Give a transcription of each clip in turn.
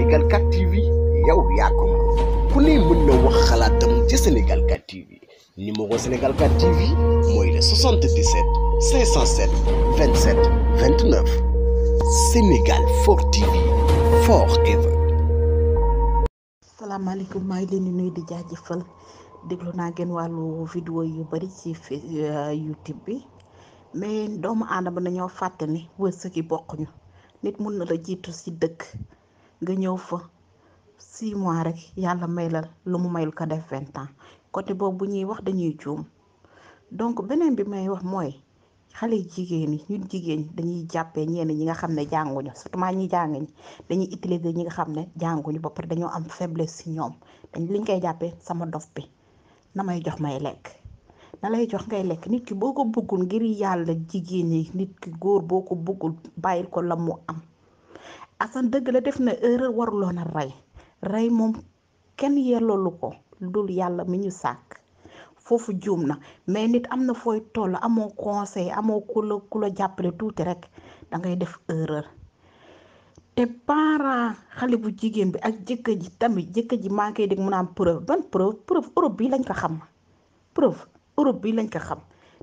Sénégal 4 TV yow yaa ko ku ne mën na wax xalaatam ci Sénégal 4 TV numéro Sénégal 4 TV mooy le Sénégal 4 TV forever. salaamaaleykum maa ngi leen di nuyu di jaajëfal déglu naa ngeen wàllu vidéo yu bari ci euh, YouTube bi mais doomu aadama dañoo fàtte ni wërsëg yi bokkuñu nit mun na la jiitu ci dëkk. nga ñëw fa six mois rek yàlla may la lu mu mayul ko def vingt ans côté boobu bu ñuy wax dañuy juum donc beneen bi may wax mooy xale jigéen yi ñun jigéen dañuy jàppee ñenn ñi nga xam ne jànguñu surtout maa ñi jàng ñi dañuy utiliser ñi nga xam ne jànguñu ba pare dañoo am faiblesse ci ñoom dañ liñ koy jàppee sama dof bi na may jox may lekk na lay jox ngay lekk nit ki boo ko bëggul ngir yàlla jigéen ñi nit ki góor boo ko bëggul bàyyil ko la mu am Assane dëgg la def na erreur waruloon a rey rey moom kenn yelloolu ko dul yàlla mi ñu sàkk foofu juum na mais nit am na fooy toll amoo conseil amoo ku kulo jàppale tuuti rek da ngay def erreur te parent xale bu jigéen bi ak jëkkër ji tamit jëkkër ji maa ngi dégg mu naan preuve ban preuve Europe bi lañ ko xam preuve Europe bi lañ ko xam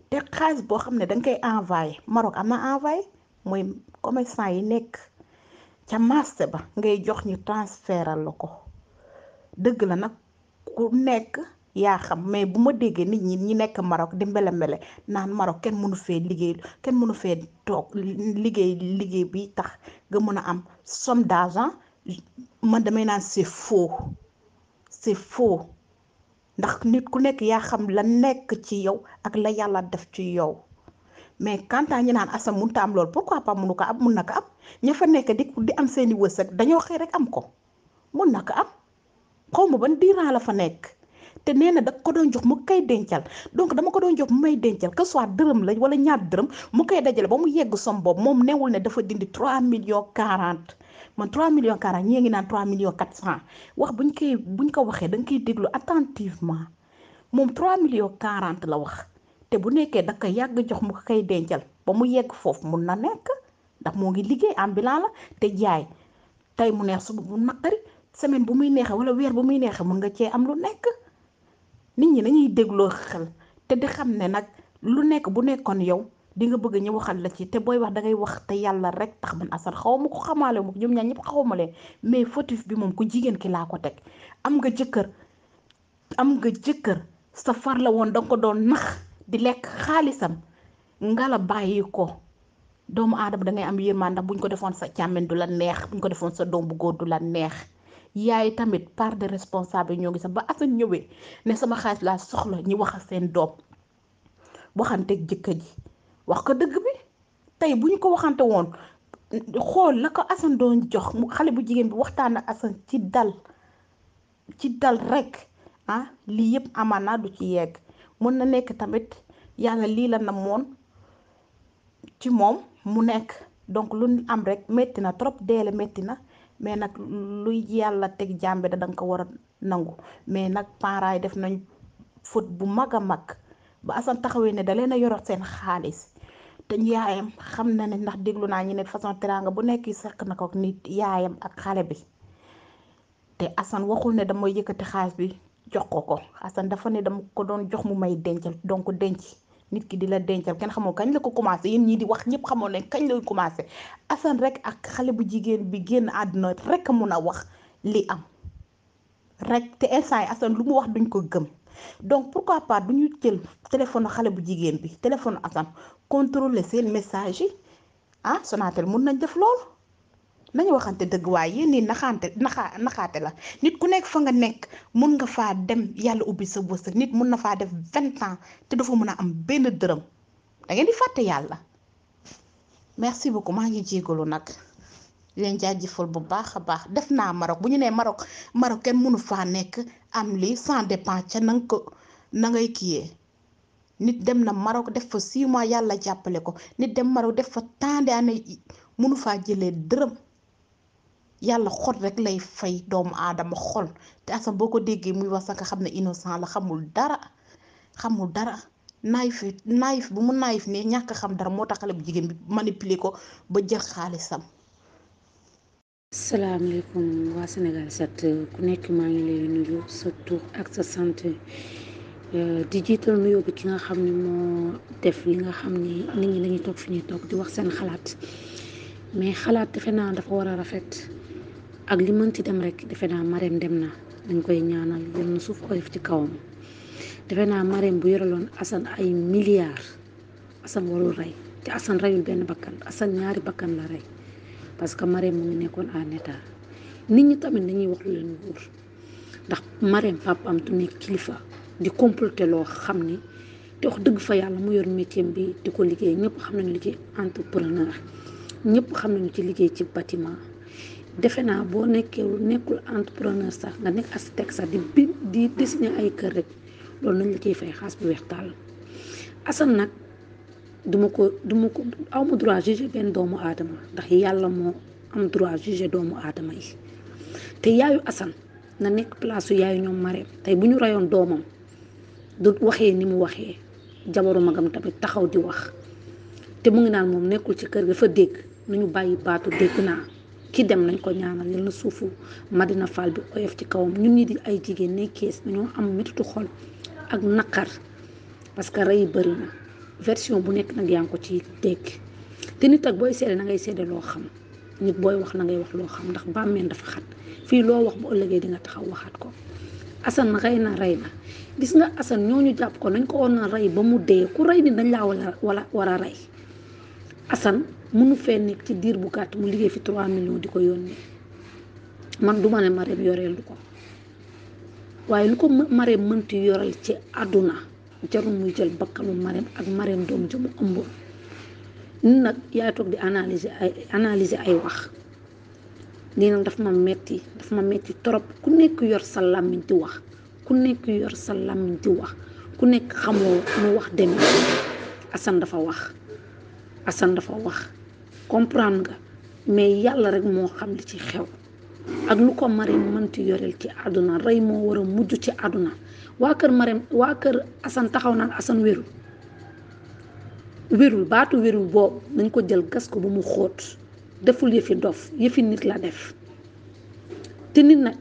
te xaalis boo xam ne danga koy envoyé Maroc am na envoyé mooy commerçant yi nekk. ca marché ba ngay jox ñu transféral la ko dëgg la nag ku nekk yaa xam mais bu ma déggee nit ñi ñi nekk Maroc di mbele mbele naan Maroc kenn mënu fee liggéey kenn mënu fee toog liggéey liggéey bi tax nga mën a am somme d'argent man damay naan c'est faux c'est faux ndax nit ku nekk yaa xam la nekk ci yow ak la yàlla def ci yow mais quant ñi naan Assane mënut a am lool pourquoi pas mënu ko am mun na ko am ña fa nekk di di am seeni wërsëg dañoo xëy rek am ko mun na ko am xaw ma ban diiraa la fa nekk te nee na da ko doon jox mu koy dencal donc dama ko doon jox mu may dencal que soit dërëm la wala ñaar dërëm mu koy dajale ba mu yegg som boobu moom newul ne dafa dindi 3 millions 40 man 3 millions 40 ñii ngi naan 3 millions 400 wax buñ koy buñ ko waxee da nga koy déglu attentivement moom 3 millions 40 la wax. te bu nekkee da yàgg jox mu koy dencal ba mu yegg foofu mun na nekk ndax moo ngi liggéey am ambulant la te jaay tey mu neex suba mu naqari semaine bu muy neexee wala weer bu muy neexee mun nga cee am lu nekk nit ñi dañuy dégloo te di xam ne nag lu nekk bu nekkoon yow di nga bëgg ñu la ci te booy wax da wax te yàlla rek tax man asar xaw ma xamaale moom ñoom ñëpp xaw ma mais fautif bi moom ku jigéen ki laa ko teg am nga jëkkër am nga jëkkër sa far la woon danga ko doon nax. di lekk xaalisam nga bàyyi ko doomu aadama da ngay am yërmande ndax buñ ko defoon sa càmmiñ du la neex buñ ko defoon sa doom bu góor du la neex yaay tamit part de responsable ñoo ngi sax ba Assane ñëwee ne sama xaalis laa soxla ñi wax a seen doom waxanteeg jëkkër ji wax ko dëgg bi tey bu ñu ko waxante woon xool la ko Assane doon jox mu xale bu jigéen bi waxtaan ak Assane ci dal ci dal rek ah lii yëpp amaana du ci yegg. mën na nekk tamit yàlla lii la moon ci moom mu nekk donc lu am rek métti na trop deele métti na mais nag lu yàlla teg jàmbe da nga ko war a nangu mais nag parents yi def nañ faute bu mag a mag ba Assane taxawee ne da leen a yoroot seen xaalis te yaayam xam na ne ndax déglu naa ñu ne façon teraanga bu nekki sekk na ko nit yaayam ak xale bi te Assane waxul ne damay yëkkati xaalis bi jox ko ko Assane dafa ne dama ko doon jox mu may dencal donc denc nit ki di la dencal kenn xamoo kañ la ko commencé yéen ñii di wax ñëpp xamoo ne kañ la commencé Assane rek ak xale bu jigéen bi génn àdduna rek mun a wax li am rek te instant yi Assane lu mu wax duñ ko gëm donc pourquoi pas duñu jël téléphone xale bu jigéen bi téléphone Assane contrôler seen message yi ah Sonatel mun nañ def loolu. nañu waxante dëgg waaye yéen naxaante naxaa naxaate la nit ku nekk fa nga nekk mun nga faa dem yàlla ubbi sa wërsëg nit mun na faa def vingt ans te dafa mun a am benn dërëm da di fàtte yàlla merci beaucoup maa ngi jégalu nag leen jaajëfal bu baax a baax def naa Maroc bu ñu nee Maroc Maroc kenn mënu faa nekk am lii sans dépend ca na ko na ngay kiyee nit dem na Maroc def fa six mois yàlla jàppale ko nit dem Maroc def fa tant d'années mënu faa jëlee dërëm yàlla xol rek lay fay doomu aadama xol te asam boo ko déggee muy wax sax xam ne innocent la xamul dara xamul dara naif naif bu mu naif ne ñàkk xam dara moo tax xale bu jigéen bi manipuler ko ba jël xaalisam. salaamaaleykum waa Sénégal 7 ku nekk maa ngi lay nuyu sa tour ak sa santé di jiital nuyoo bi ki nga xam ne moo def li nga xam ni nit ñi dañuy toog fi ñuy toog di wax seen xalaat mais xalaat defe naa dafa war a rafet. ak li mënti dem rek defe naa Marème dem na dañ koy ñaanal yal na suuf oyof ci kawam defe naa Marème bu yoraloon Assane ay milliards Assane warul rey te Assane reyul benn bakkan Assane ñaari bakkan la rey parce que Marème mu nekkoon en état nit ñi tamit dañuy wax lu leen wóor ndax Marème papa am tu nekk kilifa di comploter loo xam ni te wax dëgg fa yàlla mu yor métier bi di ko liggéey ñëpp xam nañu li ci entrepreneur ñëpp xam nañu ci liggéey ci bâtiment defe naa boo nekkee lu nekkul entrepreneur sax nga nekk architecte sax di bi di dessiner ay kër rek loolu nañ la ciy fay xas bu weex tàll Assane nag duma ko duma ko aw ma droit benn doomu aadama ndax yàlla moo am droit juger doomu aadama yi te yaayu Assane na nekk place yaayu ñoom Marème tey bu ñu reyoon doomam du waxee ni mu waxee jabaru magam tamit taxaw di wax te mu ngi naan moom nekkul ci kër gi dafa dégg nu ñu bàyyi baatu dégg naa ki dem nañ ko ñaanal yal na suufu Madina Fall bi oyof ci kawam ñun ñi di ay jigéen ne kees ñoo am métitu xol ak naqar parce que rey bëri na version bu nekk nag yaa ngi ko ci dégg te nit ak booy seede na ngay seede loo xam nit booy wax na ngay wax loo xam ndax bàmmeel dafa xat fii loo wax bu ëllëgee di taxaw waxaat ko Assane rey na rey na gis nga Assane ñooñu jàpp ko nañ ko woon na rey ba mu dee ku rey ni dañ laa wala war a rey Assane mënu fee nekk ci diir bu gàtt mu liggéey fi 3 millions di ko yónnee man duma ne Marème yoreel du ko waaye lu ko Marème mënti yoreel ci àdduna jarul muy jël bakkanu Marème ak Marème doom jëmu ëmboon ñun nag yaay toog di analyser ay analyser ay wax dina nag daf ma metti daf ma metti trop ku nekk yor sa làmmiñ di wax ku nekk yor sa làmmiñ di wax ku nekk xamoo nu wax demee Assane dafa wax Assane dafa wax comprend nga mais yàlla rek moo xam li ci xew ak lu ko Marème mënti yoreel ci àdduna rey moo war a mujj ci àdduna waa kër Marème waa kër Assane taxaw naan Assane wérul wérul baatu wérul boobu nañ ko jël gas ko bu mu xóot deful yëfi dof yëfi nit la def te nit nag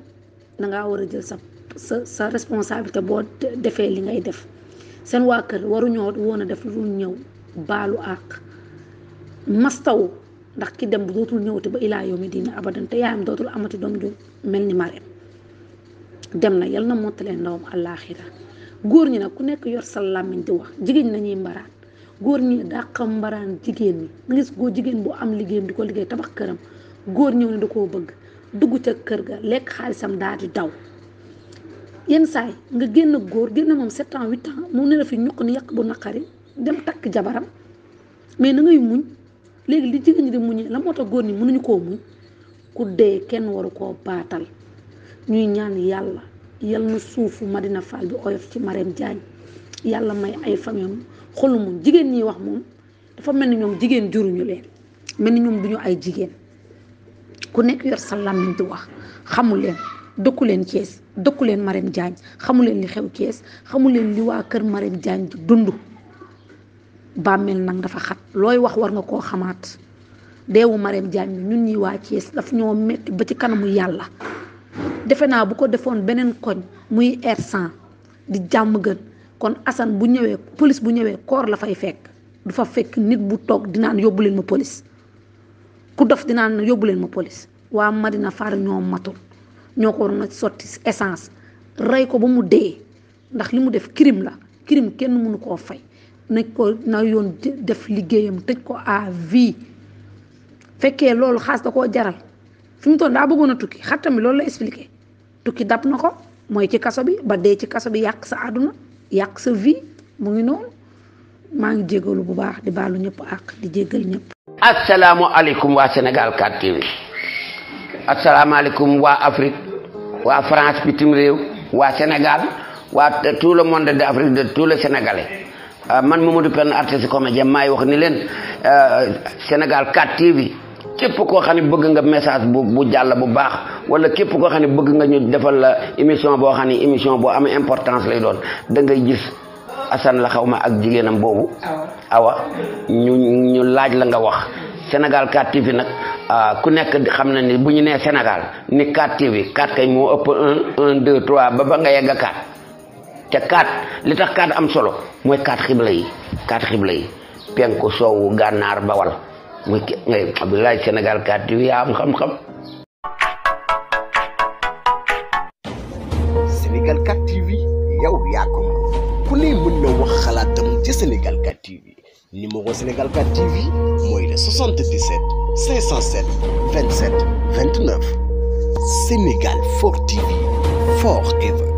dangaa war a jël sa sa sa boo defee li ngay def seen waa kër waruñoo woona a def lu ñëw baalu àq mastawu ndax ki dem dootul ñëwati ba ilaa yow mi diina abadan te yaayam dootul amati doom ju mel ni Mariam dem na yal na mottalee ndawam àllaaxira góor ñi nag ku nekk yor sa làmmiñ di wax jigéen ñi nañuy mbaraan góor ñi dàq mbaraan jigéen ñi nga gis góor jigéen bu am liggéeyam di ko liggéey tabax këram góor ñëw ne du koo bëgg dugg ca kër ga lekk xaalisam daal di daw yenn saay nga génn góor génn moom sept ans huit ans mu ne fi ñuq ni yàq bu naqari dem takk jabaram léegi li jigéen ñi di muñee la moo tax góor ñi mënuñu koo muñ ku dee kenn waru koo baatal ñuy ñaan yàlla yal na suufu Madina Fall bi oyof ci Marème Diagne yàlla may ay famille xolu muñ jigéen ñi wax moom dafa mel ni ñoom jigéen juruñu leen mel ni ñoom duñu ay jigéen ku nekk yor sa làmmiñ di wax xamul leen dëkku leen Thiès dokku leen Marème Diagne xamu leen li xew Thiès xamu leen li waa kër Marème Diagne di dund bàmmeel nag dafa xat looy wax war nga koo xamaat deewu Marème Diagne bi ñun ñi waa Thiès daf ñoo metti ba ci kanamu yàlla defe naa bu ko defoon beneen koñ muy r di jàmm gën kon Assane bu ñëwee police bu ñëwee koor la fay fekk du fa fekk nit bu toog dinaan yóbbu leen ma police ku dof dinaan yóbbu leen ma police waa Madina Fall ñoo matul ñoo ko waroon a sotti essence rey ko ba mu dee ndax li mu def kirim la kirim kenn mënu koo fay. nañ ko na yoon def liggéeyam tëj ko à vie fekkee loolu xaas da ko jaral fi mu toon daa bëggoon a tukki xattam bi loolu la expliqué tukki dab na ko mooy ci kaso bi ba dee ci kaso bi yàq sa àdduna yàq sa vie mu ngi noonu maa ngi jégalu bu baax di baalu ñëpp ak di jégal ñëpp asalaamualeykum waa Sénégal 4 TV asalaamualeykum waa Afrique waa France bitim réew waa Sénégal waa tout le monde de Afrique de tout le Sénégalais Euh, man Mamadou Pène artiste comédien maay wax ni leen euh, Sénégal 4 TV képp koo xam ne bëgg nga message bu bu jàll bu baax wala képp koo xam ne bëgg nga ñu defal la émission boo xam ne émission boo am importance lay doon da ngay gis Assane la xaw ma ak jigéenam boobu. awa ñu ñu laaj la nga wax. Sénégal 4 TV nag euh, ku nekk xam na ni bu ñu nee Sénégal ni 4 TV 4 kay moo ëpp 1 1 2 ba ba nga yegg a te kaat li tax kaat am solo mooy kaat xibla yi kaat xibla yi penku soowu gànnaar bawal muy abdoulaye Sénégal kaat yu yaa am xam-xam. Sénégal 4 TV yow yaa ko ku ne mën na wax xalaatam ci Sénégal 4 TV numéro Sénégal 4 TV mooy le Sénégal 4 TV